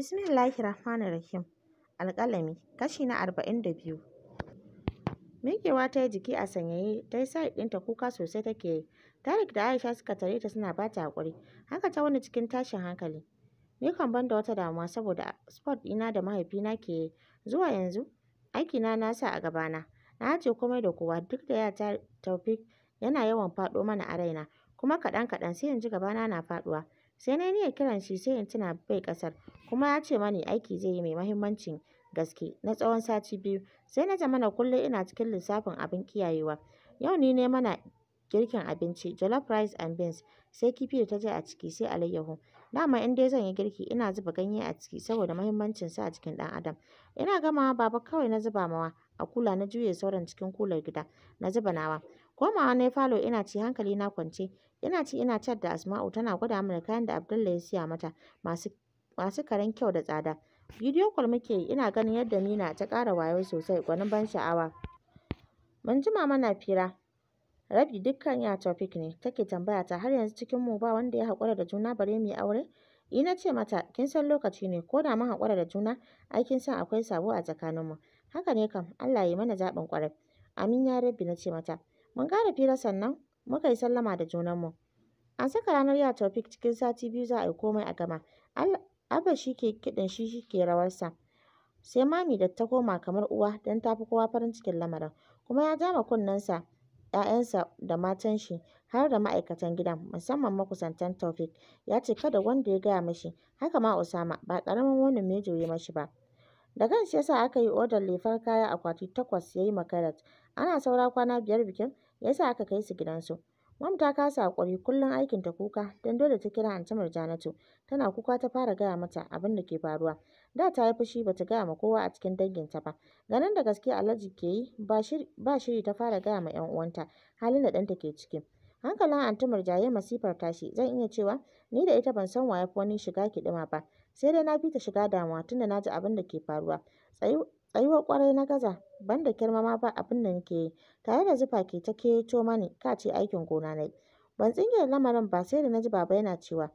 Bismillahir Rahmanir Rahim. Alƙalami, kashi na arba'in da biyu. Miƙewa ta yi jiki a sanyaye, ta yi sa ɗinta kuka sosai take yi. Tarik da Aisha suka tare ta suna ba ta haƙuri. Haka ta wani cikin tashin hankali. Ni kan ban da wata damuwa saboda sport ɗina da mahaifina ke yi. Zuwa yanzu, aikina na sa a gabana. Na ce komai da kowa duk da ya Taufik yana yawan faɗo mana a raina. Kuma kaɗan-kaɗan sai in ji gabana na faɗuwa. Sai na yi niyyar kiran shi sai in tuna bai ƙasar. kuma ya ce mani aiki zai yi mai mahimmancin gaske na tsawon sati biyu. Sai na zamana kullum ina cikin lissafin abin kiyayewa. Yau ni ne mana girkin abinci jollof rice and beans sai kifi da ta je a ciki sai alayyahu. Dama in dai zan yi girki ina zuba ganye a ciki saboda mahimmancin sa a cikin dan adam. Ina gamawa baba kawai na zuba mawa a kula na juye sauran cikin kular gida na zuba nawa. Komawa na falo ina ci hankali na kwance ina ci ina chat da Asma'u tana gwada mana kayan da Abdullahi ya siya mata masu masu karen kyau da tsada. Bidiyo kwal muke yi ina ganin yadda Nina ta ƙara wayo sosai gwanin ban sha'awa. Mun jima mana fira. Rabi dukkan ya topic ne take tambaya ta har yanzu cikin mu ba wanda ya haƙura da juna bare mu yi aure? Ni na ce mata kin san lokaci ne ko da mun haƙura da juna ai kin san akwai sabo a tsakaninmu. Haka ne kam Allah ya mana zaɓin ƙwarai. Amin ya Rabbi na ce mata. Mun ƙara fira sannan muka yi sallama da junanmu. An saka ranar ya topic cikin sati biyu za a yi komai a gama. Allah Abba shi ke kiɗan shi shi ke rawarsa. Sai mami da ta koma kamar uwa don ta fi kowa farin cikin lamarin. Kuma ya jama kunnen kunnensa ‘ya'yansa da matan shi har da ma'aikatan gidan musamman makusantan Taofiq. Ya ce kada wanda ya gaya mashi. Haka ma Usama ba ƙaramin wani mai ya mashi ba. Da kanshi ya sa aka yi odar lefar kaya akwati takwas ya yi ma Ana saura kwana biyar bikin yasa aka kai su gidansu. Mam ta kasa haƙuri, kullum aikinta kuka, don dole ta kira Antamar Janatu tana kuka ta fara gaya mata abin da ke faruwa. Da ta yi fushi ba ta gaya ma kowa a cikin danginta ba. Ganin da gaske Alhaji ke yi, ba shiri ta fara gaya ma 'yan uwanta halin da ɗanta ke ciki. Hankalin Anty ya yi masifar tashi, zan iya cewa ni da ita ban san wa ya fi wani shiga kiɗima ba, sai dai na fi ta shiga damuwa tunda na ji abin da ke faruwa. Tsayu tsayuwar kwarai na gaza ban da kirma ma ba abin da nake yi tare da zufa ke ta keto mani ka ce aikin gona na yi ban lamarin ba sai da na ji baba yana cewa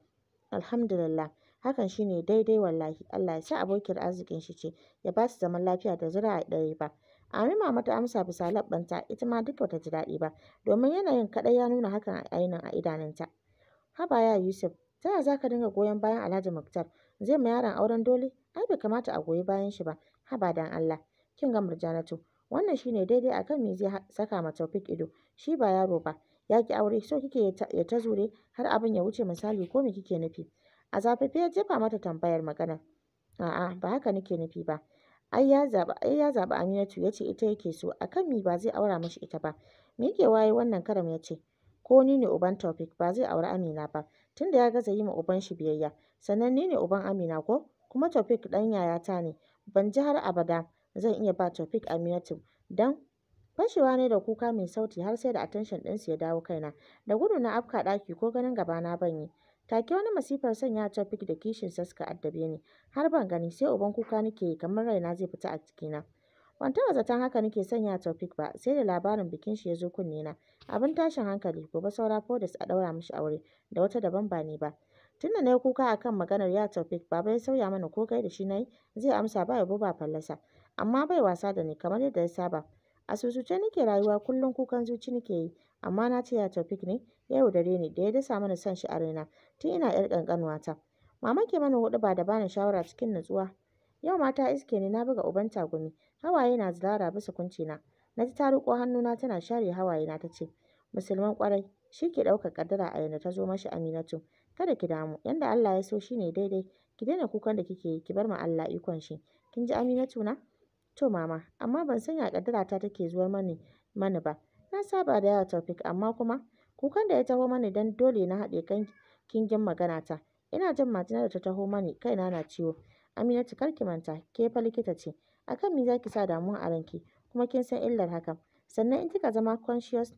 alhamdulillah hakan shi ne, daidai wallahi Allah ya sa abokin arzikin shi ce ya ba su zaman lafiya da zura a ɗaya ba Amin mama ta amsa bisa labbanta ita ma duk wata ji daɗi ba domin yanayin kaɗai ya nuna hakan a ainin a idanunta haba ya Yusuf ta yaya ka dinga goyon bayan Alhaji Muktar zai ma yaron auren dole ai bai kamata a goyi bayan shi ba haba dan Allah kin ga Murjanatu wannan shine daidai akan me zai saka ma Taufik ido shi ba yaro ba ya ki aure so kike ya ta zure har abin ya wuce misali ko me kike nufi a zafafe ya jefa mata tambayar magana a'a ba haka nake nufi ba ai ya zaba ai ya zaba Aminatu yace ita yake so akan mi ba zai aura mishi ita ba me yake waye wannan karam yace ko ni ne uban Taufik ba zai auri Amina ba tunda ya gaza yi ma uban shi biyayya sannan ni ne uban Amina ko kuma Taufik dan yayata ne Ban ji har abada zan iya ba Tofik Aminatu don fashewa ne da kuka mai sauti har sai da attention ɗinsu ya dawo kaina. Da gudu na afka ɗaki ko ganin gabana ban yi. Take wani masifar sanya Tofik da kishin suka addabe ni har ban gani sai uban kuka nake yi kamar raina zai fita a cikina. Ban taɓa zaton haka nake sanya Tofik ba sai da labarin bikin shi ya zo kunne na. Abin tashin hankali gobe saura Fodas a ɗaura mishi aure da wata daban ba ni ba. tunda da na yi kuka a kan maganar ya Taufik, Baba ya sauya mana ko kai da shi na yi, zai amsa ba yabo ba fallasa. Amma bai wasa da ni kamar yadda ya saba. A susuce nake rayuwa kullum kukan zuci nake yi, amma na ce ya Taufik ne ya yaudare ni da ya dasa mana son shi a raina tun ina 'yar ƙanƙanuwata. Mama ke mana hudu ba da bani shawara cikin natsuwa. Yau mata iske ne na buga uban tagumi, hawaye na zilara bisa kuncina. Na ji ta hannu na tana share hawaye na, ta ce, Musulman kwarai shi ke ɗaukar ƙaddara a yanzu ta zo mashi Aminatu. kada ki damu yanda Allah ya so shine daidai ki daina kukan da kike ki bar ma Allah ikon shi kin ji Aminatu na to mama amma ban san ya kaddara ta take zuwa mani mani ba na saba da yawa Taufik amma kuma kukan da ya taho mani dan dole na haɗe kan kingin magana ta ina jin majina da ta taho mani kaina na ciwo Aminatu kar ki manta ke fa likita ce akan me zaki sa damuwa a ranki kuma kin san illar hakan sannan in kika zama conscious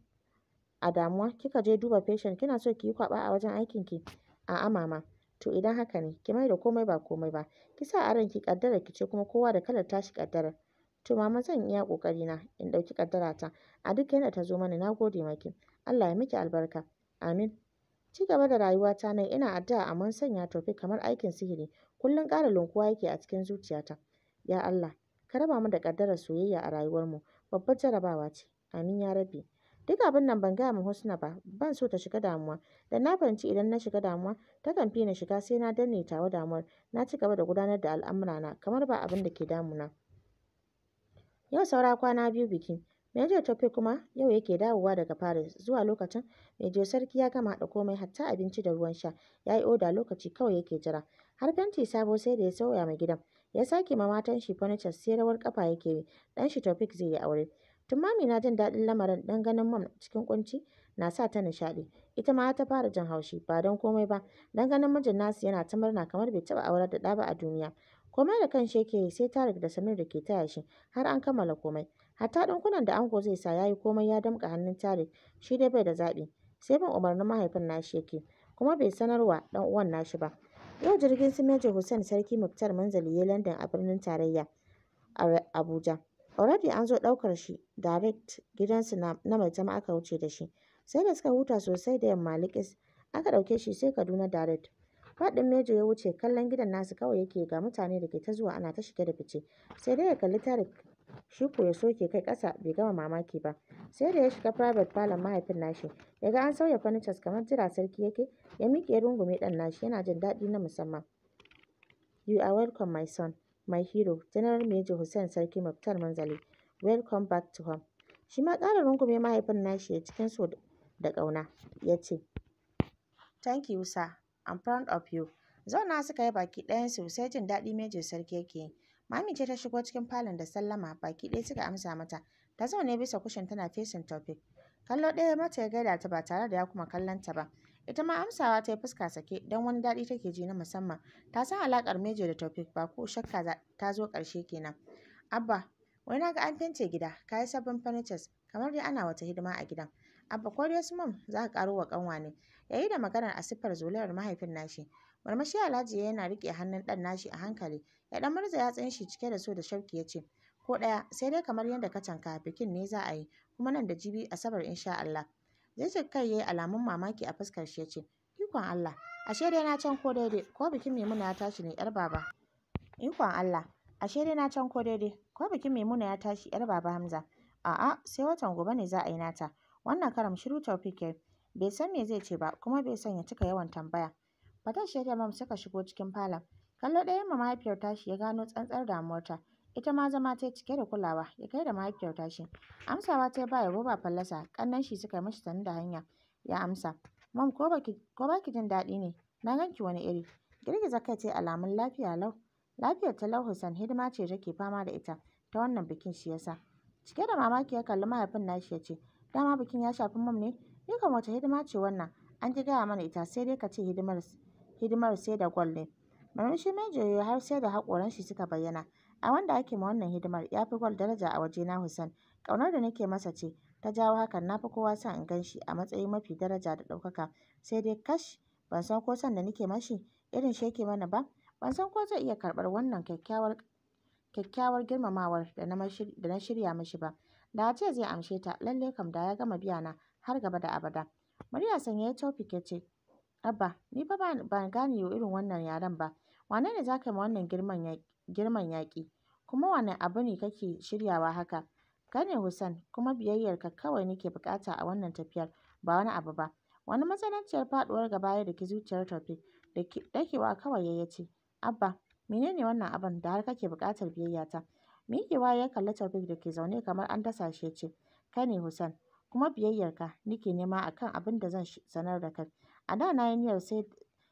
a damuwa kika je duba patient kina so ki yi kwaba a wajen aikin ki A'a mama, to idan haka ne ki maida komai ba komai ba. Ki sa a ranki ƙaddarar ki ce kuma kowa da kalar tashi ƙaddarar. To mama zan iya ƙoƙari na in ɗauki ƙaddara ta. a duk yadda ta zo mana, na gode maki. Allah ya miki albarka. Amin. Ci gaba da rayuwata nan ina addu'a amon sanya Taofiq kamar aikin sihiri kullum ƙara lunkuwa yake a cikin zuciyata. Ya Allah, ka raba mu da ƙaddarar soyayya a rayuwarmu. Babbar jarabawa ce. Amin ya Rabbi. Duk abin nan ban gaya ma Husna ba, ban so ta shiga damuwa. Da na fahimci idan na shiga damuwa, ta kan fi na shiga sai na danne tawa damuwar. Na ci gaba da gudanar da al'amurana kamar ba abin da ke damu na. Yau saura kwana biyu bikin. Major Tope kuma yau yake dawowa daga Paris zuwa lokacin Major Sarki ya gama haɗa komai hatta abinci da ruwan sha. Ya yi oda lokaci kawai yake jira. Har fenti sabo sai da ya sauya ma gidan. Ya sake ma matan shi furniture sai rawar kafa yake yi. Dan shi zai yi aure. Tun Mami na jin daɗin lamarin ɗan ganin Mom cikin kunci na sa ta nishaɗi, ita ma ta fara jin haushi, ba don komai ba ɗan ganin mijin nasu yana ta murna kamar bai taɓa aurar da ɗa ba a duniya. Komai da kanshi yake yi sai Tarik da Samir da ke taya shi har an kammala komai. Hatta ɗinkunan da ango zai sa yayi komai ya damƙa hannun Tarik, shi dai bai da zaɓi, sai bin umarnin mahaifin nashi yake, kuma bai sanarwa ɗan uwan nashi ba. Yau jirgin su Major Hussein Sarki Muktar Manzali ya london Landan a birnin tarayya a Abuja. Already an zo ɗaukar shi direct gidansu na mai zama aka wuce da shi. Sai da suka huta sosai da yamma liƙis aka ɗauke shi sai Kaduna direct. Faɗin Mejo ya wuce kallon gidan nasu kawai yake ga mutane da ke ta zuwa ana ta shige da fice. Sai dai ya kalli Tarik shi ko ya soke kai ƙasa bai gama mamaki ba. Sai da ya shiga private falon mahaifin nashi ya ga an sauya furnitures kamar jira sarki yake ya miƙe rungume ɗan nashi yana jin daɗi na musamman. You are welcome my son. My hero, General Major Hussein Sarki Muktar Manzali, welcome back to home. Shi ma ƙara rungume mahaifin nashi ya cikin so da ƙauna, ya ce, Thank you, sir. I'm proud of you. Zauna suka yi baki ɗayansu sai jin daɗi Major Sarki yake yi. Mami ce ta shigo cikin falon da sallama baki ɗaya suka amsa mata. Ta zaune bisa kushin tana fesin topic Kallo ɗaya mata ya gaida ta ba tare da ya kuma kallon ta ba. Ita ma amsawa ta yi fuska sake don wani daɗi take ji na musamman. Ta san alaƙar Mejo da Taufik ba ko shakka ta zo ƙarshe kenan. Abba, wai na ga an fente gida, ka yi sabbin furnitures, kamar dai ana wata hidima a gidan. Abba ko dai mam za ka ƙaro wa ƙanwa ne. Ya yi da maganar a siffar zolayar mahaifin nashi. marmashi Alhaji yana riƙe hannun ɗan nashi a hankali. Ya ɗan murza yatsun shi cike da so da shauki ya ce, Ko ɗaya, sai dai kamar yadda ka tanka bikin ne za a yi, kuma nan da jibi Asabar insha Allah. Jijjig kai ya yi alamun mamaki a fuskar shi ya ce, Ikon Allah, ashe dai na can ko daidai, ko bikin Maimuna ya tashi ne ‘yar baba. Ikon Allah, ashe dai na can ko daidai, ko bikin Maimuna ya tashi ‘yar baba Hamza. A'a, sai watan gobe ne za a yi nata. Wannan karam shiru Taufik bai san me zai ce ba kuma bai san ya cika yawan tambaya. Fatash shi da Mam suka shigo cikin falon. Kallo ɗayan mahaifiyar tashi ya gano tsantsar damuwarta. ita ma zama ta cike da kulawa ya kai da mahaifiyar tashi amsawa ta ba ya goba fallasa kannan shi suka mishi sannu da hanya ya amsa mam ko baki ko baki jin daɗi ne na ganki wani iri girgiza kai ta alamun lafiya lau lafiyar ta lau husan hidima ce take fama da ita ta wannan bikin shi yasa cike da mamaki ya kalli mahaifin nashi ya ce dama bikin ya shafi mam ne ni kan wata hidima ce wannan an ji gaya mana ita sai dai ka ce hidimar hidimar sai da gwal ne murmushi mai joyo har sai da haƙoran shi suka bayyana A wanda ake ma wannan hidimar ya fi gwal daraja a wajena Hussein, ƙaunar da nake masa ce ta jawo hakan na fi kowa son in gan shi a matsayin mafi daraja da ɗaukaka, sai dai kash ban san ko son da nake mashi irin shi yake mana ba, ban san ko zai iya karɓar wannan kyakkyawar kyakkyawar girmamawar da na shirya mashi ba. Da a ce zai amshe ta lallai kam da ya gama biya na har gaba da abada. Murya sanye ya Taofik ya ce, Abba, ni fa ban gane irin wannan yaren ba, wane ne za ka yi ma wannan girman yaƙi? Kuma wane abu ne kake shiryawa haka? Kane ne Hussein, kuma biyayyarka kawai nake buƙata a wannan tafiyar, ba wani abu ba. Wani matsananciyar faɗuwar gaba ya daki zuciyar Taofiq, Dakewa kawai ya yi ce, Abba, menene wannan abin da har kake buƙatar biyayyata? Miƙewa ya ya kalli Taofiq da ke zaune kamar an dasa shi ya ce, Kane ne Hussein, kuma biyayyarka nake nema akan abin da zan sanar da kai. A da na yi niyyar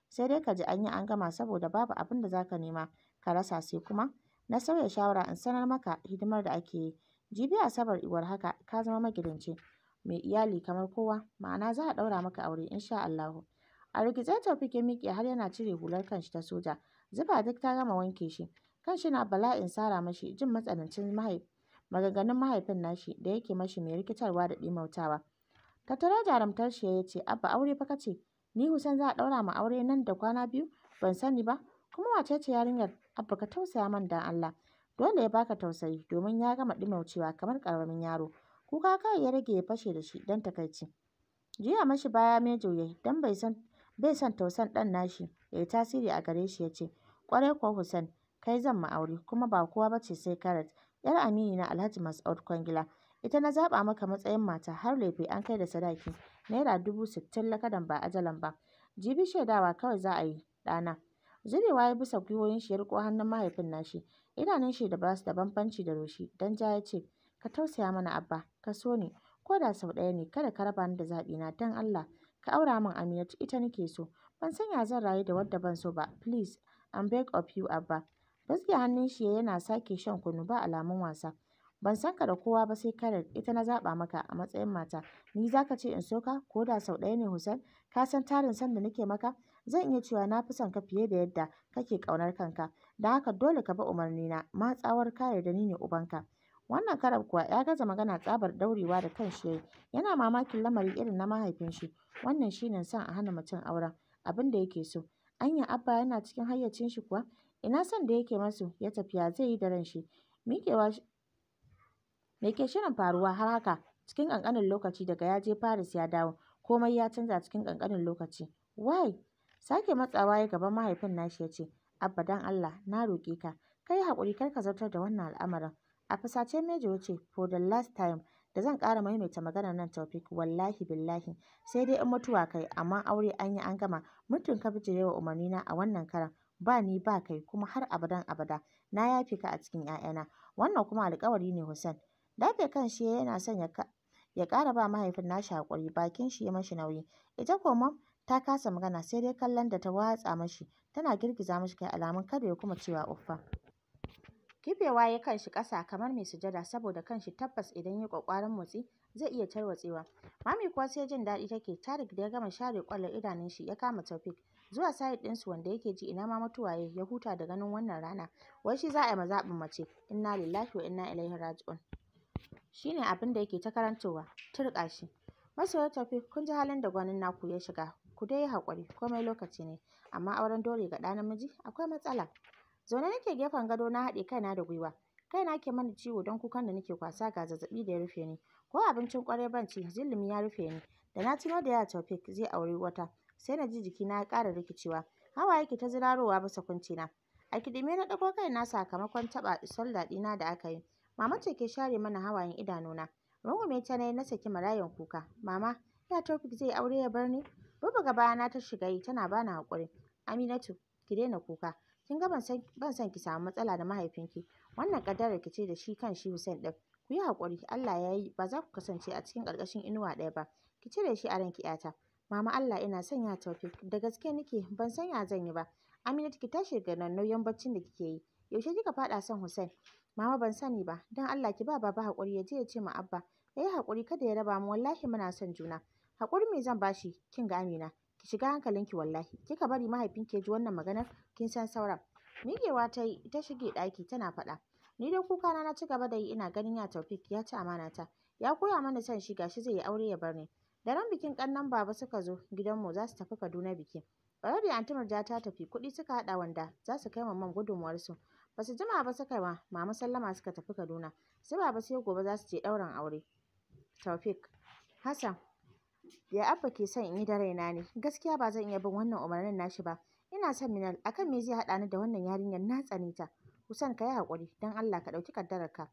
sai dai ka ji an yi an gama saboda babu abin da zaka nema ka rasa sai kuma. Na sauya shawara in sanar maka hidimar da ake yi. Jibi Asabar Iwar haka ka zama magidanci, mai iyali kamar kowa, ma'ana za a ɗaura maka aure in sha Allahu. A rikice ta ya miƙe har yana cire hular kanshi ta soja. Zufa duk ta gama wanke shi. Kanshi na bala'in sara mashi jin matsanancin maganganun mahaifin nashi da yake mashi mai rikitarwa da ɗimautawa. Tattara jarumtar shi ya ce, Abba aure fa kace ni Hussein za a ɗaura ma aure nan da kwana biyu, ban sani ba, Kuma wace ce yarinyar? Abba ka tausaya man dan Allah. Dole ya baka tausayi domin ya gama ɗimaucewa kamar karamin yaro. Kuka kawai ya rage ya fashe da shi dan takaici. jiya mashi baya Mejo ya Dan bai san bai son tausan ɗan nashi ya yi tasiri a gare shi ya ce, ƙwarai ko Hussein, kai zan ma aure kuma ba kowa bace sai Karat, ‘yar amini na Alhaji Mas'ud Kwangila. Ita na zaba maka matsayin mata har lefe an kai da sadaki naira dubu sittin lakadan ba ajalan ba. Jibi shaidawa kawai za a yi ɗana. Zubewa ya bisa gwiwoyin shi ya riƙo hannun mahaifin nashi. Idanun shi da basu da bambanci da Roshi. dan ja ya ce, "Ka tausaya mana Abba, ka so ni, ko da sau ɗaya ne, kada ka raba ni da zaɓi na dan Allah. Ka aura min Aminatu, ita nake so. Ban san ya zan rayu da wadda ban so ba. Please, I'm beg of you Abba." Gaske hannun shi yana sake shan kunu ba alamun wasa. Ban san ka da kowa ba sai kare ita na zaɓa maka a matsayin mata. Ni za ka ce in so ka, ko da sau ɗaya ne Hussein? Ka san tarin san da nake maka? zan iya cewa na fi son ka fiye da yadda kake ƙaunar kanka, da haka dole ka bi umarnina ma tsawar ka yarda ni ne ubanka. Wannan karab kuwa ya gaza magana tsabar daurewa da kan shi. yana mamakin lamari irin na mahaifin shi wannan shi ne son a hana mutum auren abin da yake so. Anya Abba yana cikin hayyacin shi kuwa? Ina son da yake masu ya tafiya zai yi da shi. Miƙewa me ke shirin faruwa har haka? Cikin ƙanƙanin lokaci daga ya je Paris ya dawo, komai ya canza cikin ƙanƙanin lokaci. Why? Sake matsawa ya gaban mahaifin nashi ya ce, Abba dan Allah, na roƙe ka, ka yi haƙuri kar ka zartar da wannan al'amarin. A fusace Mejo ya ce, for the last time, da zan ƙara maimaita maganar nan Taufik, wallahi billahi, sai dai in mutuwa kai, amma aure an yi an gama, Mutum ka bijire wa na a wannan karan, ba ni ba kai kuma har abadan abada, na yafe ka a cikin 'ya'yana. Wannan kuma alƙawari ne Hussein. Dafe kan shi yana son ya ya ƙara ba mahaifin nashi haƙuri, bakin shi ya mashi nauyi. Ita ko ta kasa magana sai dai kallon da ta watsa mashi tana girgiza mashi kai alamun kada ya kuma cewa uffa. Kifewa ya kanshi ƙasa kamar mai sujada saboda kanshi tabbas idan ya kokarin motsi zai iya tarwatsewa. Mami kuwa sai jin daɗi take Tarik da ya gama share ƙwallon idanun shi ya kama Taufik zuwa side su wanda yake ji ina ma mutuwa ya huta da ganin wannan rana. Wai shi za a yi mazaɓin mace inna lillahi wa inna ilaihi raji'un. shine abin da yake ta karantowa turka shi. Masoya Taufik kun ji halin da gwanin naku ya shiga Ku dai yi haƙuri, komai lokaci ne, amma auren dole ga ɗa namiji akwai matsala. Zaune nake gefen gado na haɗe kaina da gwiwa. Kaina ke mana ciwo don kukan da nake kwasa ga zazzaɓi da ya rufe ni. Ko abincin ƙwarai ban ci, ya rufe ni. Da na tuno da Yaya zai auri wata, sai na ji jikina ya ƙara rikicewa. Hawa yake ta zirarowa bisa na. A kidime na ɗago kaina sakamakon taɓa sallah ɗina da aka yi. Mama ce ke share mana hawayen idanuna. Rungume ta na yi na saki marayan kuka. Mama, ya Taufik zai aure ya bar ni? Bubbuga bayana ta shiga yi tana bani haƙuri. Aminatu ki daina kuka. Kin ga ban san ki samu matsala da mahaifinki. Wannan ƙaddarar ki ce da shi kan shi Hussein ɗin. Ku yi haƙuri Allah ya yi ba za ku kasance a cikin ƙarƙashin inuwa ɗaya ba. Ki cire shi a ranki ƴata. Mama Allah ina son ya Taufik da gaske nake ban san ya zan yi ba. Aminatu ki tashi daga nan nauyin baccin da kike yi. Yaushe kika faɗa son Hussein? Mama ban sani ba. Don Allah ki ba baba haƙuri ya je ya ce ma Abba. Ya yi haƙuri kada ya raba mu wallahi muna son juna. haƙuri me zan bashi kin gane na. ki shiga hankalin ki wallahi kika bari mahaifinki ya ji wannan maganar kin san sauran miƙewa ta ta shige ɗaki tana faɗa ni dai kukana na ci gaba da yi ina ganin ya Taufik ya ci amana ta ya koya mana son shi gashi zai yi aure ya bar ni da ran bikin ƙannan baba suka zo gidanmu za su tafi Kaduna bikin da Aunty Murja ta tafi kuɗi suka haɗa wanda za su kai mamman gudunmuwarsu. Ba su jima ba suka ma mama sallama suka tafi Kaduna. Sai baba sai gobe za su je ɗaurin aure. Taufik Hassan Ya Abba ke son in yi da na ne, gaskiya ba zan iya bin wannan umarnin nashi ba. Ina son Minal, akan me zai haɗa ni da wannan yarinyar na tsane ta. Kusan ka yi haƙuri, don Allah ka ɗauki ƙaddararka.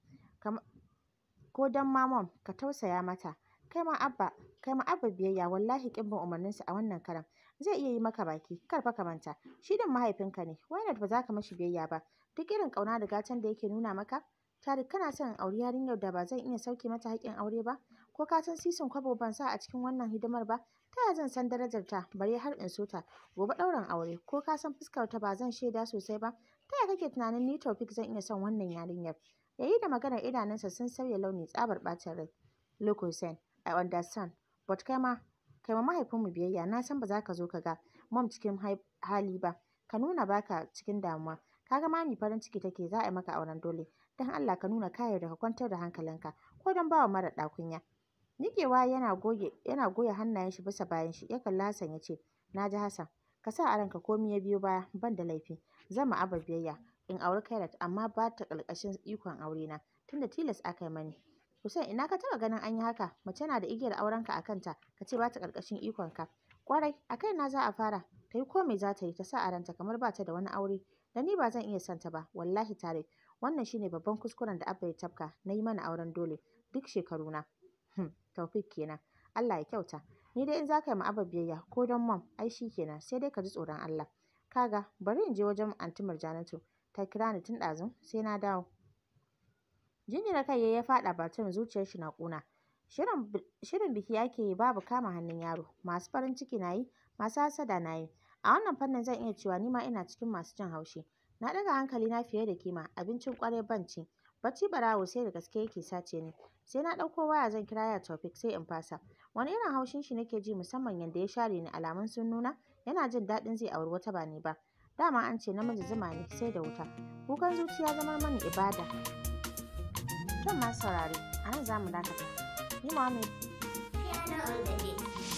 Ko dan mamam, ka tausaya mata. Kai ma Abba, kai ma Abba biyayya, wallahi ƙin bin umarninsa a wannan karan. Zai iya yi maka baki, kar fa ka manta. Shi din mahaifinka ne, na ba za ka mashi biyayya ba. Duk irin ƙauna da gatan da yake nuna maka, Tarik kana son in auri yarinyar da ba zan iya sauke mata haƙƙin aure ba? ko ka san sisin kwabo ban sa a cikin wannan hidimar ba ta yaya zan san darajar ta bare har in so ta gobe ɗaurin aure ko ka san fuskar ta ba zan shaida sosai ba ta yaya kake tunanin ni Taufik zan iya son wannan yarinyar yayi da maganar idanunsa sun sauya launi tsabar bacin rai lokacin I understand but kai ma kai ma mahaifinmu biyayya na san ba za ka zo ka ga mom cikin hali ba ka nuna baka cikin damuwa ka ga mami farin ciki take za a yi maka auren dole don Allah ka nuna ka da ka kwantar da hankalinka ko don bawa mara ɗakunya nikewa yana goge yana goya shi bisa shi ya kalla Hassan ya ce, Na ji Hassan, ka sa a ranka komai ya biyo baya, ban da laifi. Zan ma Abba biyayya, in auri Kairat amma ba ta ƙarƙashin ikon na tunda tilas aka yi mani. Hussein ina ka taɓa ganin an yi haka, mace na da igiyar aurenka a kanta, ka ce ba ta ikon ka kwarai a na za a fara, ta yi komai za ta yi, ta sa a ranta kamar ba ta da wani aure, da ni ba zan iya santa ba, wallahi tare. Wannan shine babban kuskuren da Abba ya tafka, na yi mana auren dole, duk shekaru na. Hmm, Taufik kenan. Allah ya kyauta. Ni dai in za ka yi ma'abar biyayya ko don mam ai shi kenan, sai dai ka ji tsoron Allah. Kaga, bari in je wajen anti Murjanatu. Ta kira ni tun ɗazun, sai na dawo. Jinjina kai ya faɗa batun zuciyar shi na ƙuna. Shirin biki ake yi babu kama hannun yaro. Masu farin ciki na yi, masu hasada na yi. A wannan fannin zan iya cewa ni ma ina cikin masu jin haushi. Na ɗaga hankali na fiye da kima, abincin ƙwarai ban ci. bacci barawo sai da gaske yake sace ni sai na ɗauko waya zan kira ya Taufik sai in fasa wani irin haushin shi nake ji musamman yanda ya share ni alamun sun nuna yana jin daɗin zai auri wata ba ni ba dama an ce namiji zuma ne sai da wuta kukan zuciya zama mani ibada Kyan masu saurare, a nan za mu dakata. Ni Mohammed. Piano